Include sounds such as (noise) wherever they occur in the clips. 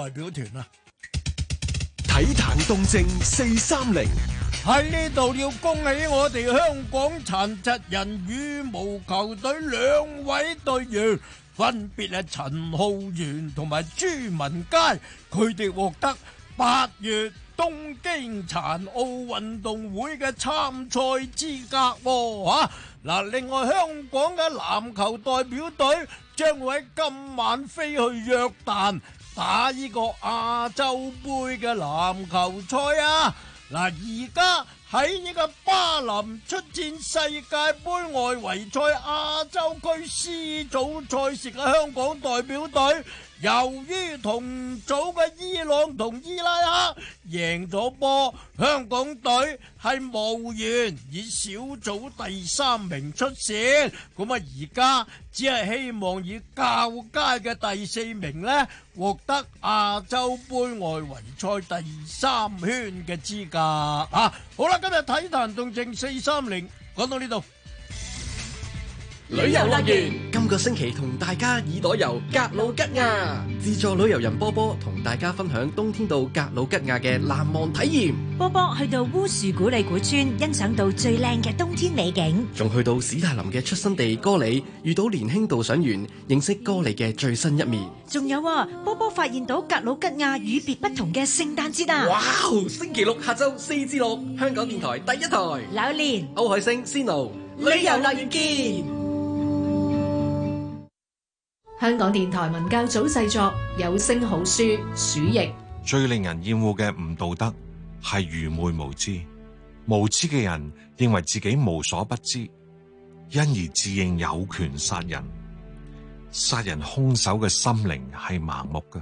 代表團啊！體壇動靜四三零喺呢度要恭喜我哋香港殘疾人羽毛球隊兩位隊員，分別係陳浩源同埋朱文佳，佢哋獲得八月東京殘奧運動會嘅參賽資格。吓嗱，另外香港嘅籃球代表隊將會喺今晚飛去約旦。打呢個亞洲盃嘅籃球賽啊！嗱，而家喺呢個巴林出戰世界杯外圍賽亞洲區 C 組賽事嘅香港代表隊。由於同組嘅伊朗同伊拉克贏咗波，香港隊係無緣以小組第三名出線，咁啊而家只係希望以較佳嘅第四名呢，獲得亞洲盃外圍賽第三圈嘅資格啊！好啦，今日體壇動靜四三零，講到呢度。旅遊樂園今個星期同大家耳朵遊格魯吉亞，自助旅遊人波波同大家分享冬天到格魯吉亞嘅難忘體驗。波波去到烏樹古里古村，欣賞到最靚嘅冬天美景，仲去到史泰林嘅出生地哥里，遇到年輕導賞員，認識哥里嘅最新一面。仲有波波發現到格魯吉亞與別不同嘅聖誕節啊！哇！星期六下晝四至六，香港電台第一台，柳蓮、歐海星、Snow 旅遊樂園見。香港電台文教組製作有聲好書《鼠疫》。嗯，最令人厭惡嘅唔道德係愚昧無知。無知嘅人認為自己無所不知，因而自認有權殺人。殺人兇手嘅心靈係盲目噶，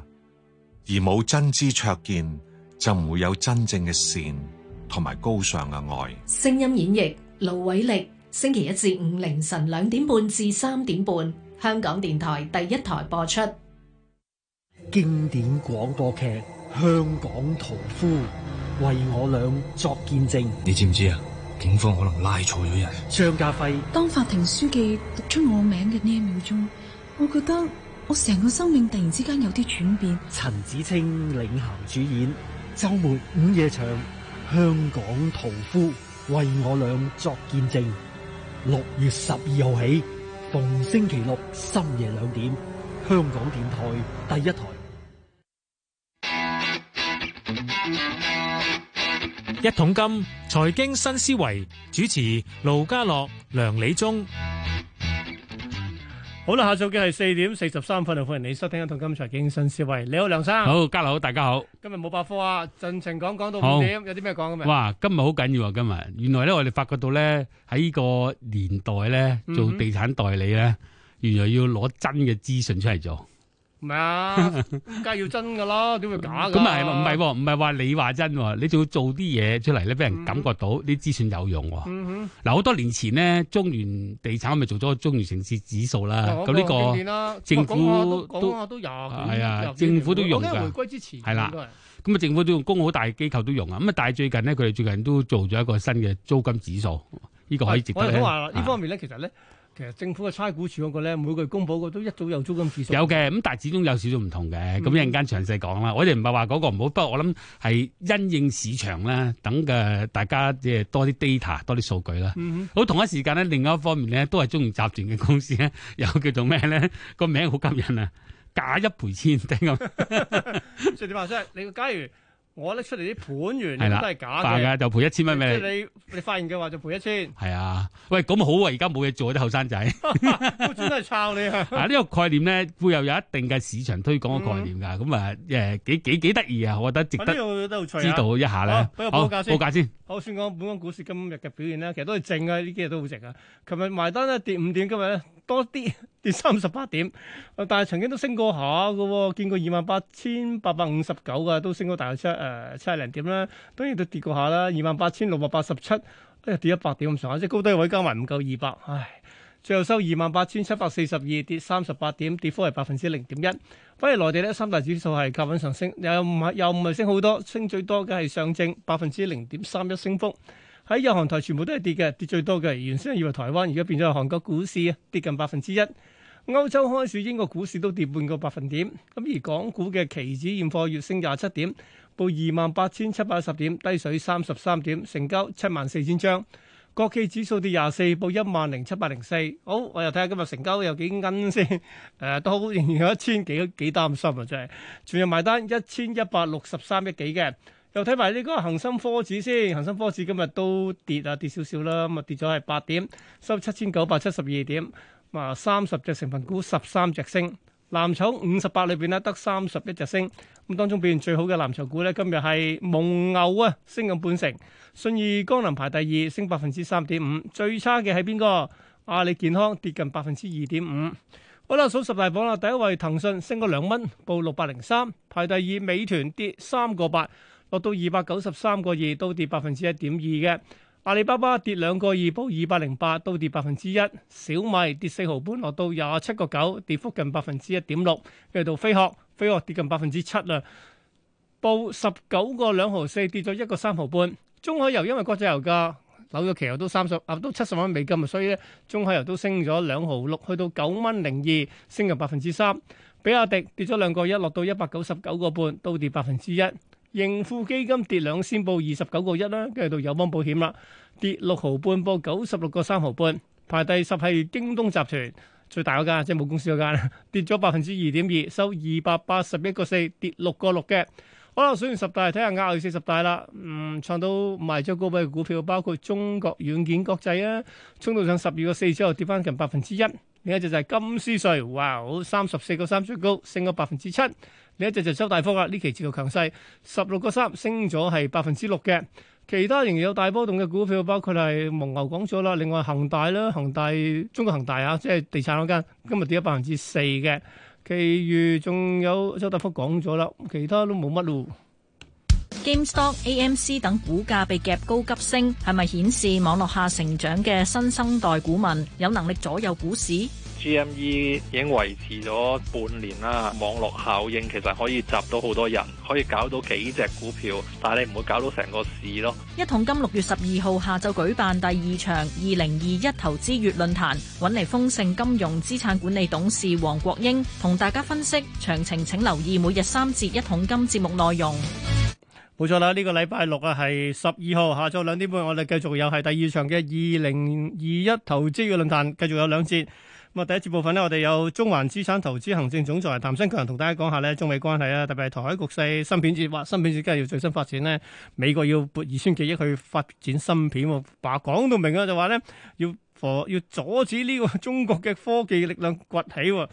而冇真知灼見就唔會有真正嘅善同埋高尚嘅愛。聲音演繹：盧偉力，星期一至五凌晨兩點半至三點半。香港電台第一台播出經典廣播劇《香港屠夫為我倆作見證》，你知唔知啊？警方可能拉錯咗人。張家輝，當法庭書記讀出我名嘅呢一秒鐘，我覺得我成個生命突然之間有啲轉變。陳子清領銜主演，周末午夜場《香港屠夫為我倆作見證》，六月十二號起。逢星期六深夜兩點，香港電台第一台。一桶金財經新思維，主持盧家樂、梁李宗。好啦，下晝嘅係四點四十三分，歡迎你收聽《一桶金之財經新思維》。你好，梁生。好，家好，大家好。今日冇百科啊！盡情講講到五點，好有啲咩講咁啊？哇！今日好緊要啊！今日原來咧，我哋發覺到咧，喺呢個年代咧，做地產代理咧，嗯嗯原來要攞真嘅資訊出嚟做。唔係啊，梗係要真噶囉，點會假嘅？咁啊係，唔係唔係話你話真，你仲要做啲嘢出嚟咧，俾人感覺到啲資訊有用啊！嗱，好多年前呢，中原地產咪做咗個中原城市指數啦。咁呢個政府都講下都有。係啊，政府都用噶。講回歸之前。係啦，咁啊，政府都用，公好大機構都用啊。咁啊，但係最近呢，佢哋最近都做咗一個新嘅租金指數，呢個可以直接話呢方面咧，其實咧。其實政府嘅差估處嗰個咧，每個月公佈個都一早，又早有租金指數。有嘅，咁但係始終有少少唔同嘅，咁一陣間詳細講啦。我哋唔係話嗰個唔好，不過我諗係因應市場啦，等嘅大家即係多啲 data，多啲數據啦。嗯哼。好，同一時間咧，另外一方面咧，都係中意集團嘅公司咧，又叫做咩咧？個名好吸引啊！假一賠千，聽唔？即係點話啫？你假如。我拎出嚟啲盤，原來都係假嘅。的就賠一千蚊俾你，你。你你發現嘅話，就賠一千。係啊， (laughs) 喂，咁好啊！而家冇嘢做，啲後生仔。個 (laughs) 真 (laughs) 都係抄你啊！啊，呢、呢個概念咧，會又有一定嘅市場推廣嘅概念㗎。咁啊、嗯，誒、嗯，幾幾幾得意啊！我覺得值得知道一下呢。不如、啊、報價先。報價先。好，報價先好，先講本港股市今日嘅表現呢，其實都係正啊，呢幾日都好值啊！琴日埋單呢，跌五點，今日咧。多啲跌三十八點，但係曾經都升過下嘅，見過二萬八千八百五十九嘅，都升過大約七誒七零點啦。當然都跌過下啦，二萬八千六百八十七，哎呀，跌一百點咁上下，即係高低位加埋唔夠二百。唉，最後收二萬八千七百四十二，跌三十八點，跌幅係百分之零點一。反而內地呢三大指數係較穩上升，又唔係又唔係升好多，升最多嘅係上證百分之零點三一升幅。喺日韓台全部都係跌嘅，跌最多嘅原先以為台灣，而家變咗係韓國股市啊，跌近百分之一。歐洲開始英國股市都跌半個百分點，咁而港股嘅期指現貨月升廿七點，報二萬八千七百一十點，低水三十三點，成交七萬四千張。國企指數跌廿四，報一萬零七百零四。好，我又睇下今日成交有幾銀先，誒、呃、都仍然有一千幾，幾擔心啊，真係全日埋單一千一百六十三億幾嘅。1, 又睇埋呢個恒生科指先，恒生科指今日都跌啊，跌少少啦。咁啊，跌咗係八點，收七千九百七十二點。啊，三十隻成分股十三隻升，藍籌五十八裏邊咧得三十一隻升。咁當中表現最好嘅藍籌股咧，今日係蒙牛啊，升近半成。信義光能排第二，升百分之三點五。最差嘅係邊個？阿里健康跌近百分之二點五。好啦，數十大榜啦。第一位騰訊升個兩蚊，報六百零三。排第二，美團跌三個八。落到二百九十三個二，都跌百分之一點二嘅。阿里巴巴跌兩個二，報二百零八，都跌百分之一。小米跌四毫半，落到廿七個九，跌幅近百分之一點六。跟住到飛鶴，飛鶴跌近百分之七啦，報十九個兩毫四，跌咗一個三毫半。中海油因為國際油價紐約期油都三十啊，都七十蚊美金啊，所以咧中海油都升咗兩毫六，去到九蚊零二，升咗百分之三。比亞迪跌咗兩個一，落到一百九十九個半，都跌百分之一。盈富基金跌兩仙報二十九個一啦，跟住到友邦保險啦，跌六毫半報九十六個三毫半，排第十係京東集團最大嗰間，即係母公司嗰間，跌咗百分之二點二，收二百八十一個四，跌六個六嘅。好啦，數完十大，睇下亞市四十大啦，嗯，創到賣咗高位嘅股票，包括中國軟件國際啊，衝到上十二個四之後跌翻近百分之一。另一隻就係金斯瑞，哇，好三十四個三最高，升咗百分之七。呢一隻就周大福啦，呢期持續強勢，十六個三升咗係百分之六嘅。其他仍然有大波動嘅股票，包括係蒙牛講咗啦，另外恒大啦，恒大中國恒大啊，即係地產嗰間，今日跌咗百分之四嘅。其餘仲有周大福講咗啦，其他都冇乜咯。GameStop、AMC Game AM 等股價被夾高急升，係咪顯示網絡下成長嘅新生代股民有能力左右股市？GME 已經維持咗半年啦，網絡效應其實可以集到好多人，可以搞到幾隻股票，但係你唔會搞到成個市咯。一桶金六月十二號下晝舉辦第二場二零二一投資月論壇，搵嚟豐盛金融資產管理董事黃國英同大家分析詳情，請留意每日三節一桶金節目內容。冇錯啦，呢個禮拜六啊係十二號下晝兩點半，我哋繼續又係第二場嘅二零二一投資嘅論壇，繼續有兩節。咁啊，第一節部分呢，我哋有中環資產投資行政總裁譚新強同大家講一下咧，中美關係啊，特別係台海局勢芯片節或芯片節，梗係要最新發展咧，美國要撥二千幾億去發展芯片，話講到明啊，就話咧要。要阻止呢個中國嘅科技力量崛起、啊，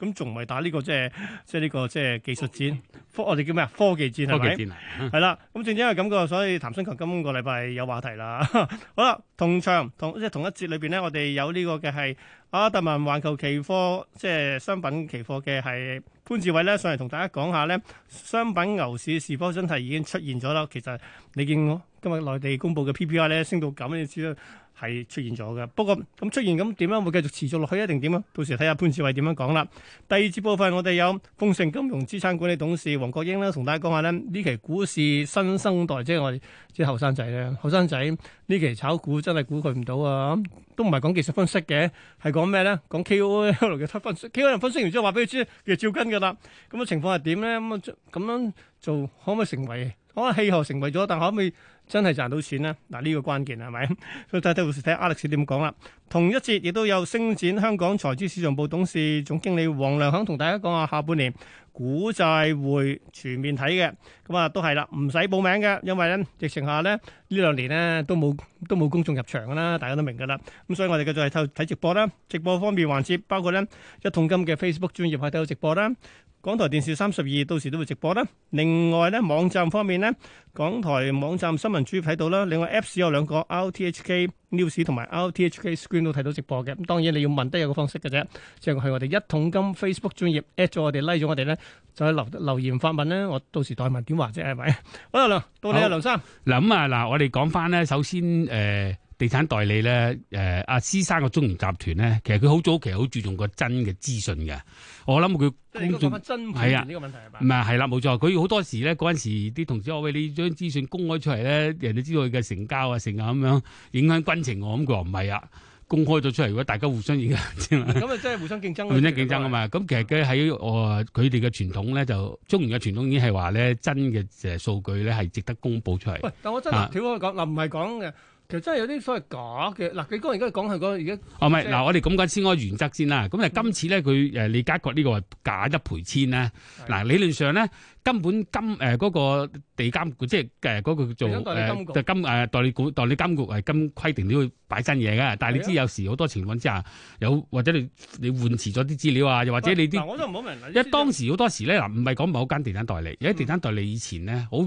咁仲唔係打呢、這個即係即係呢個即係、這個這個、技術戰，科，技科我哋叫咩啊？科技戰係咪？係啦，咁正正因為咁、這個，所以譚新強今個禮拜有話題啦。好啦，同場同即係同一節裏邊咧，我哋有呢個嘅係阿特文環球期貨，即係商品期貨嘅係潘志偉咧，上嚟同大家講一下咧，商品牛市是否真係已經出現咗啦？其實你見我今日內地公布嘅 P P I 咧升到咁，你知。係出現咗嘅，不過咁出現咁點樣會繼續持續落去，一定點啊？到時睇下潘志偉點樣講啦。第二節部分，我哋有豐盛金融資產管理董事黃國英啦，同大家講下咧，呢期股市新生代，即係我哋即係後生仔咧。後生仔呢期炒股真係估佢唔到啊！都唔係講技術分析嘅，係講咩咧？講 KOL 嘅分析 (laughs) ，KOL 嘅分析完之後話俾佢知，其實照跟㗎啦。咁嘅情況係點咧？咁咁樣做可唔可以成為？可能氣候成為咗，但可唔可以？真係賺到錢咧，嗱、這、呢個關鍵係咪？所以睇睇老師睇下 Alex 點講啦。同一節亦都有星展，香港財資市場部董事總經理王良享同大家講下下半年股債匯全面睇嘅，咁啊都係啦，唔使報名嘅，因為咧疫情下咧呢兩年咧都冇都冇公眾入場嘅啦，大家都明嘅啦。咁所以我哋繼續係睇直播啦，直播方面環節包括咧一桶金嘅 Facebook 專頁睇到直播啦，港台電視三十二到時都會直播啦。另外咧網站方面咧，港台網站新聞主要睇到啦，另外 Apps 有兩個 RTHK。news 同埋 RTHK screen 都睇到直播嘅，咁當然你要問得有個方式嘅啫，即係我哋一桶金 Facebook 專業 at 咗我哋 like 咗我哋咧，就喺留留言發問咧，我到時代問點話啫，係咪？好啦，梁，到你啦，梁生。嗱咁啊，嗱我哋講翻咧，首先誒。地產代理咧，誒、呃，阿施生個中原集團咧，其實佢好早期好注重個真嘅資訊嘅。我諗佢真係啊，呢個問題係嘛？唔係係啦，冇錯吧。佢好、啊、多時咧嗰陣時，啲同事話喂你將資訊公開出嚟咧，人哋知道佢嘅成交啊成這、成交咁樣影響軍情我、啊、咁，佢話唔係啊，公開咗出嚟如果大家互相影響咁啊，真係互相競爭。互相競爭啊嘛。咁其實喺我佢哋嘅傳統咧，就中原嘅傳統已經係話咧，真嘅誒數據咧係值得公布出嚟。但我真係，講嗱、啊，唔係講嘅。其實真係有啲所謂假嘅，嗱、啊，你剛而家講係講而家，哦、啊，唔係，嗱、就是啊，我哋講緊先嗰個原則先啦。咁、嗯、啊，今次咧佢誒利嘉閣呢個係假一賠千咧。嗱，理論上咧根本金，誒、呃、嗰、嗰個地監、呃嗰個、局，即係誒嗰個叫做金地、呃、代理股代理監局係金規定都要擺真嘢嘅。但係你知有時好多情況之下，有或者你你換遲咗啲資料啊，又或者你啲，嗱、呃，我都唔好明。因為當時好多時咧，嗱、啊，唔係講某間地產代理，而家、嗯、地產代理以前咧好。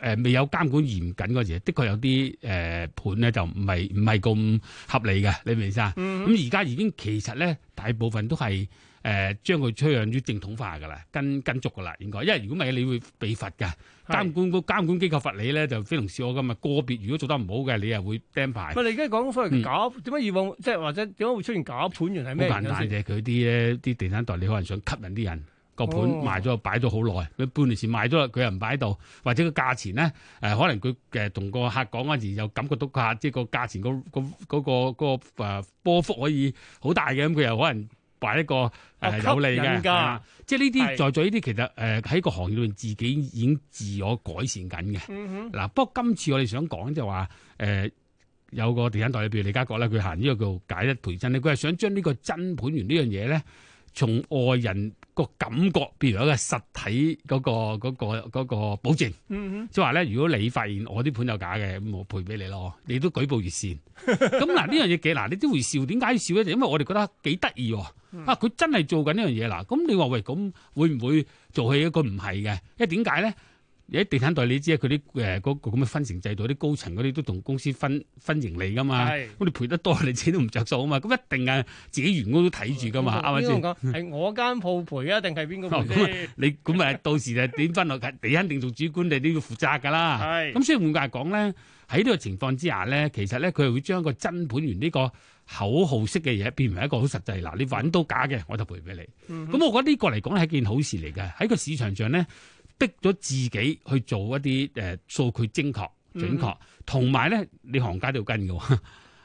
誒、呃，未有監管嚴謹嗰時，的確有啲誒、呃、盤咧就唔係唔係咁合理嘅，你明唔明意思？咁而家已經其實咧，大部分都係誒、呃、將佢趨向於正統化嘅啦，跟跟足嘅啦，應該。因為如果唔係，你會被罰嘅。監管監管機構罰你咧就非同小可嘅嘛。個別如果做得唔好嘅，你又會釘牌。唔，你而家講所謂假點解、嗯、以往即係或者點解會出現假盤源係咩？好簡單啫，佢啲啲地產代理可能想吸引啲人，人。個盤賣咗又擺咗好耐，佢半年前賣咗，佢又唔擺喺度，或者個價錢咧，誒、呃，可能佢誒同個客講嗰陣時，又感覺到客即係、個價錢、嗰個、嗰個、嗰個誒波幅可以好大嘅，咁佢又可能擺一個誒有利嘅。即係呢啲在做呢啲，其實誒喺、呃、個行業裏面自己已經自我改善緊嘅。嗱、嗯哼，不過今次我哋想講就話，誒、呃、有個地產代理，譬如李家國咧，佢行呢個叫解一培真咧，佢係想將呢個真盤源呢樣嘢咧。從外人個感覺，譬如一個實體嗰、嗰個嗰、嗰個嗰個嗰個、保證，嗯嗯哼，即係話咧，如果你發現我啲盤有假嘅，咁我賠俾你咯，你都舉報熱線。咁嗱呢樣嘢幾嗱？你都會笑，點解笑咧？就因為我哋覺得幾得意喎。嗯、啊，佢真係做緊呢樣嘢嗱。咁你話喂，咁會唔會做起一個唔係嘅？因為點解咧？而啲地產代理你知啊，佢啲誒嗰個咁嘅、那個、分成制度，啲、那個、高層嗰啲都同公司分分盈利噶嘛。咁的你賠得多，你自己都唔着數啊嘛。咁一定啊，自己員工都睇住噶嘛，係咪先？咁講係我間鋪賠啊，定係邊個？你咁啊，到時就點分落嚟？你肯 (laughs) 定做主管，你都要負責噶啦。咁的所以換句話講咧，喺呢個情況之下咧，其實咧佢係會將一個真盤源呢個口號式嘅嘢變為一個好實際。嗱，你揾到假嘅，我就賠俾你。咁、嗯、哼我覺得呢個嚟講係一件好事嚟嘅，喺個市場上咧。逼咗自己去做一啲誒、呃、數據精確準確，同埋咧你行家都要跟嘅喎，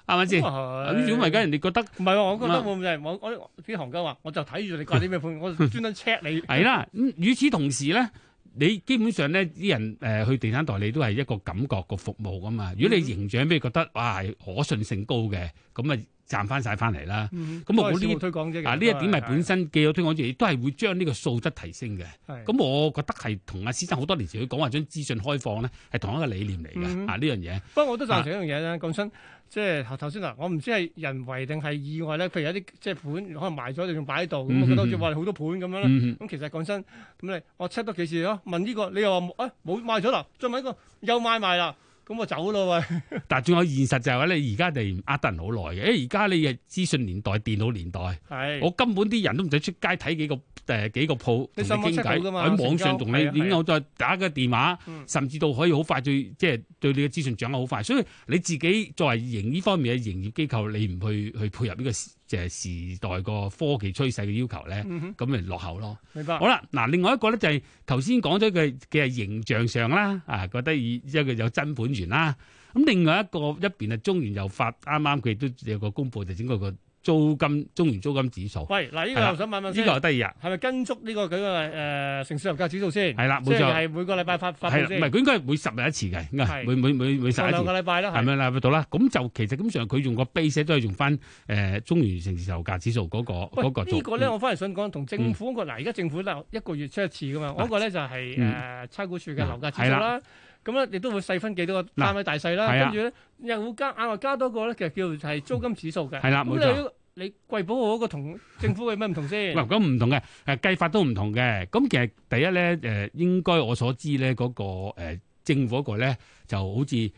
啱唔啱先？小點吧的家人哋覺得？唔係、啊、我覺得我就係麼我啲行家話，我就睇住你掛啲咩盤， (laughs) 我就專登 check 你。係啦，咁、嗯、與此同時咧，你基本上咧啲人誒、呃、去地產代理都係一個感覺個服務啊嘛。如果你形象俾你覺得、嗯、哇可信性高嘅，咁啊～賺翻晒翻嚟啦，咁我推廣啫啊，呢一點係本身既有推廣，亦都係會將呢個素質提升嘅。咁我覺得係同阿先生好多年前佢講話將資訊開放咧，係同一個理念嚟嘅啊呢樣嘢。不過我都贊成一樣嘢咧，講真，即係頭先嗱，我唔知係人為定係意外咧，譬如有啲即係盤可能賣咗，仲擺喺度，咁我覺得好似話好多盤咁樣啦。咁其實講真，咁你我 check 多幾次咯，問呢個，你又話誒冇賣咗啦，再問一個又賣埋啦。咁我走咯喂！但係仲有現實就係話你而家哋呃得人好耐嘅，因為而家你嘅資訊年代、電腦年代，是我根本啲人都唔使出街睇幾個誒、呃、幾個鋪同你傾偈喺網上同你，交然後我再打個電話，啊啊、甚至到可以好快對，即係對你嘅資訊掌握好快。所以你自己作為營呢方面嘅營業機構，你唔去去配合呢、這個？就係時代個科技趨勢嘅要求咧，咁咪落後咯。明白，嗯哼。好啦，嗱，另外一個咧，就係頭先講咗佢嘅形象上啦，啊，覺得以一個有真本源啦。咁另外一個一邊係中原又發，啱啱佢亦都有個公佈，就整個個。租金中原租金指數，喂，嗱，呢個又想問問先，呢個第二日，係咪跟足呢個佢個誒城市樓價指數先？係啦，冇錯，即係每個禮拜發發翻，唔係，佢應該係每十日一次嘅，應該每每每每十個禮拜啦。係咪兩個禮拜到啦？咁就其實基本上佢用個 base 都係用翻誒中原城市樓價指數嗰個嗰個。呢個咧，我返嚟想講同政府嗰個，嗱，而家政府咧一個月出一次噶嘛，嗰個咧就係誒差估署嘅樓價指數啦。咁咧，亦都會細分幾多個單位大細啦，啊、跟住咧又會加，額外加多個咧，其實叫做係租金指數嘅。係啦，冇錯。你你貴寶嗰個同政府係咩唔同先？嗱、啊，咁唔同嘅，誒、呃、計法都唔同嘅。咁其實第一咧，誒、呃、應該我所知咧，嗰、嗰個、呃、政府嗰個咧就好似。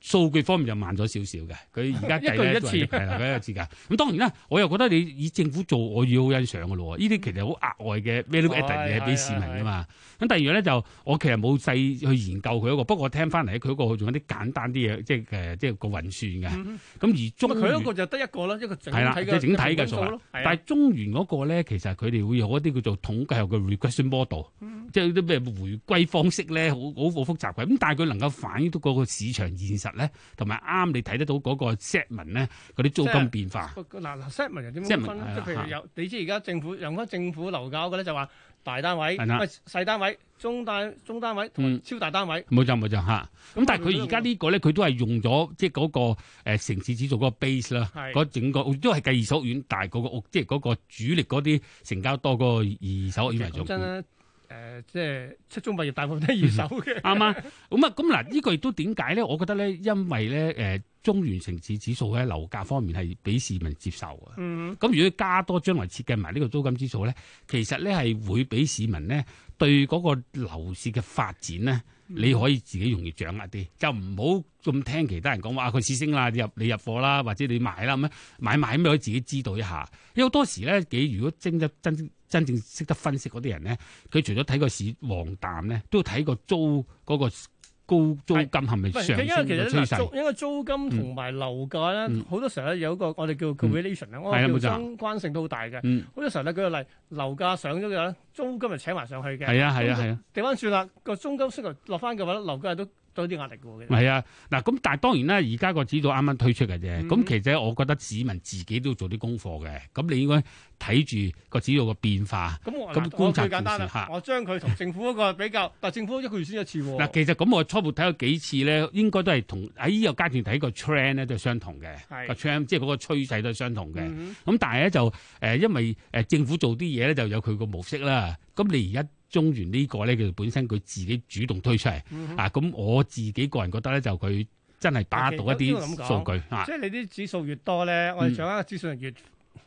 數據方面就慢咗少少嘅，佢而家計一次，係一次㗎。咁當然啦，我又覺得你以政府做，我要好欣賞㗎咯。呢啲其實好額外嘅 value added 嘢俾市民㗎嘛。咁第二樣咧就，我其實冇細去研究佢一個，不過我聽翻嚟佢一個仲有啲簡單啲嘢，即係即係個運算嘅。咁而中原佢嗰個就得一個啦，一個整體嘅數。但係中原嗰個咧，其實佢哋會有一啲叫做統計學嘅 regression model，即係啲咩回歸方式咧，好好複雜。咁但係佢能夠反映到嗰個市場現實。咧，同埋啱你睇得到嗰個 set 文咧，嗰啲租金變化。嗱嗱 set 文又點樣分？即係譬如有你知而家政府用翻政府樓價嘅咧，就話大單位，唔係的細單位、中單、中單位同超大單位。冇、嗯、錯冇錯嚇。咁、啊、但係佢而家呢個咧，佢都係用咗即係嗰個城市指數做嗰個 base 啦的，整個都係計二手屋苑大嗰個屋，即係嗰個主力嗰啲成交多過二手屋苑嚟做。誒、呃，即係出租物業大部分、這個、都係二手嘅，啱嘛？咁啊，咁嗱，呢個亦都點解咧？我覺得咧，因為咧，誒、呃，中原城市指數喺樓價方面係俾市民接受嘅。咁、嗯、如果加多，將來設計埋呢個租金指數咧，其實咧係會俾市民咧對嗰個樓市嘅發展咧，嗯、你可以自己容易掌握啲，就唔好咁聽其他人講話佢市升啦，你入你入貨啦，或者你買啦咁樣，買買咁樣可以自己知道一下。有好多時咧，幾如果升得真正識得分析嗰啲人咧，佢除咗睇個市旺淡咧，都睇個租嗰、那個高租金係咪上嘅，因為其實咧，因為租金同埋樓價咧，好、嗯、多時候咧有個我哋叫做、嗯嗯、叫 relation 啦，我哋叫相關性都好大嘅。好、嗯嗯、多時候咧舉個例，樓價上咗嘅咧，租金就請埋上去嘅。係啊係啊係啊，掉翻、啊啊、轉啦，個租金雖然落翻嘅話，樓價都。多啲壓力嘅，係啊！嗱，咁但係當然啦，而家個指數啱啱推出嘅啫。咁、嗯、其實我覺得市民自己都做啲功課嘅。咁你應該睇住個指數嘅變化，咁我觀察住嚇。我將佢同政府一個比較， (laughs) 但政府一個月先一次喎、啊。嗱，其實咁我初步睇過幾次咧，應該都係同喺呢個階段睇個 trend 咧都係相同嘅。個 trend 即係嗰個趨勢都係相同嘅。咁、嗯、哼但係咧就因為政府做啲嘢咧就有佢個模式啦。咁你而家。中原呢個咧，佢本身佢自己主動推出嚟、嗯、哼啊！咁我自己個人覺得咧，就佢真係把握到一啲數據 okay，啊！即係你啲指數越多咧，我哋掌握嘅資訊就越、嗯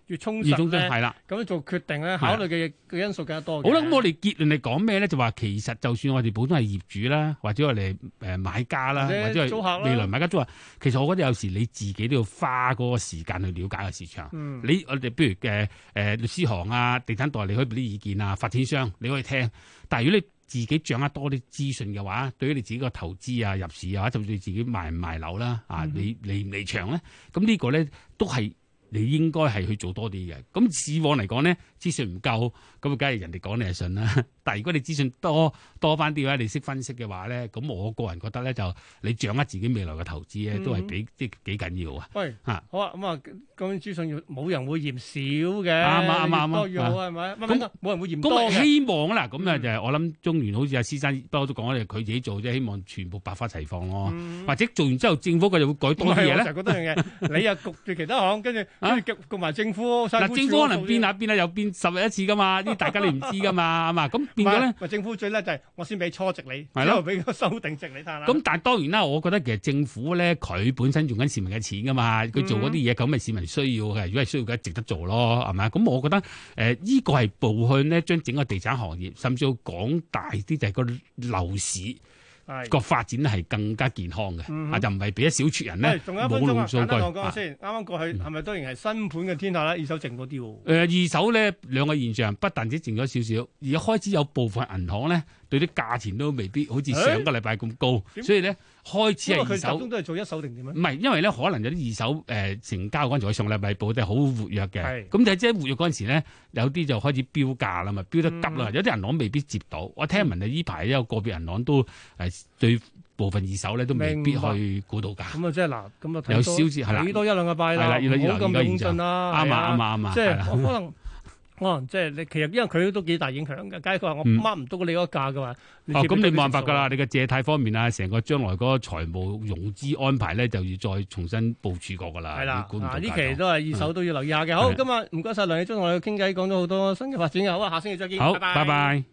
越充實咧，係啦，咁樣做決定咧，考慮嘅嘅因素更加多。好啦，咁我哋結論嚟講咩咧？就話其實就算我哋本身係業主啦，或者我哋誒買家啦，或者係租客啦，未來買家租客，其實我覺得有時你自己都要花嗰個時間去了解個市場。嗯、你我哋比如嘅誒、呃、律師行啊、地產代理你可以俾啲意見啊，發展商你可以聽。但係如果你自己掌握多啲資訊嘅話，對於你自己個投資啊、入市啊，甚至自己賣唔賣樓啦、嗯、哼啊，你離唔離場咧？咁呢個咧都係。你應該，係去做多啲嘅，咁以往嚟講咧。資訊唔夠，咁啊，梗係人哋講你就信啦。但係如果你資訊多多翻啲嘅話，你識分析嘅話咧，咁我個人覺得咧，就你掌握自己未來嘅投資咧，都係幾即係幾緊要啊。喂，嚇好啊，咁啊，咁樣資訊冇人會嫌少嘅，啱啱，好係咪？咁冇人會嫌多嘅。咁我希望啦，咁啊就係我諗，中原好似阿施生，不過都講咧，佢自己做即係希望全部百花齊放咯。或者做完之後，政府佢就會改多嘢咧。就覺得樣嘢，你又焗住其他行，跟住焗焗埋政府，嗱，政府可能邊下邊啊有邊。十日一次噶嘛？呢大家你唔知噶嘛？啊嘛， (laughs) 咁變咗咧，政府最叻就係我先俾初值你，的之後俾個修訂值你睇下。咁但係當然啦，我覺得其實政府咧，佢本身用緊市民嘅錢噶嘛，佢做嗰啲嘢咁咪市民需要嘅，如果係需要嘅，值得做咯，係咪？咁我覺得誒依、呃呢個係步向咧，將整個地產行業，甚至要講大啲就係個樓市。係個是發展係更加健康嘅，嗯、哼啊就唔係俾一小撮人咧。仲有一分鐘啊，我講先。啱啱、啊、過去係咪、嗯、當然係新盤嘅天下啦，二手靜咗啲喎。誒、呃，二手咧兩個現象，不但止靜咗少少，而開始有部分銀行咧。對啲價錢都未必好似上個禮拜咁高，所以咧開始係二手都係做一手定點樣？唔係，因為咧可能有啲二手成交嗰陣時上個禮拜報都係好活躍嘅。咁就即係活躍嗰陣時咧，有啲就開始飆價啦，嘛，飆得急啦。有啲人攞未必接到。我聽聞呢呢排有個別人攞都對部分二手咧都未必去估到價。咁啊，即係嗱，咁啊有少少係啦，幾多一兩個拜啦，唔好咁兇咁啦，啱啊，啱啱啊，即係可能。哦，即係你其實因為佢都幾大影響嘅，梗係佢話我 mark 唔到你嗰價嘅嘛，咁、哦、你冇辦法噶啦，你嘅借貸方面啊，成個將來嗰個財務融資安排咧，就要再重新部署過噶啦。係啦的，呢、啊、期都係二手都要留意下嘅。嗯、好，今日唔該晒梁啟中同我哋傾偈，講咗好多新嘅發展嘅，好啊，下星期再見，好，拜拜 bye。Bye bye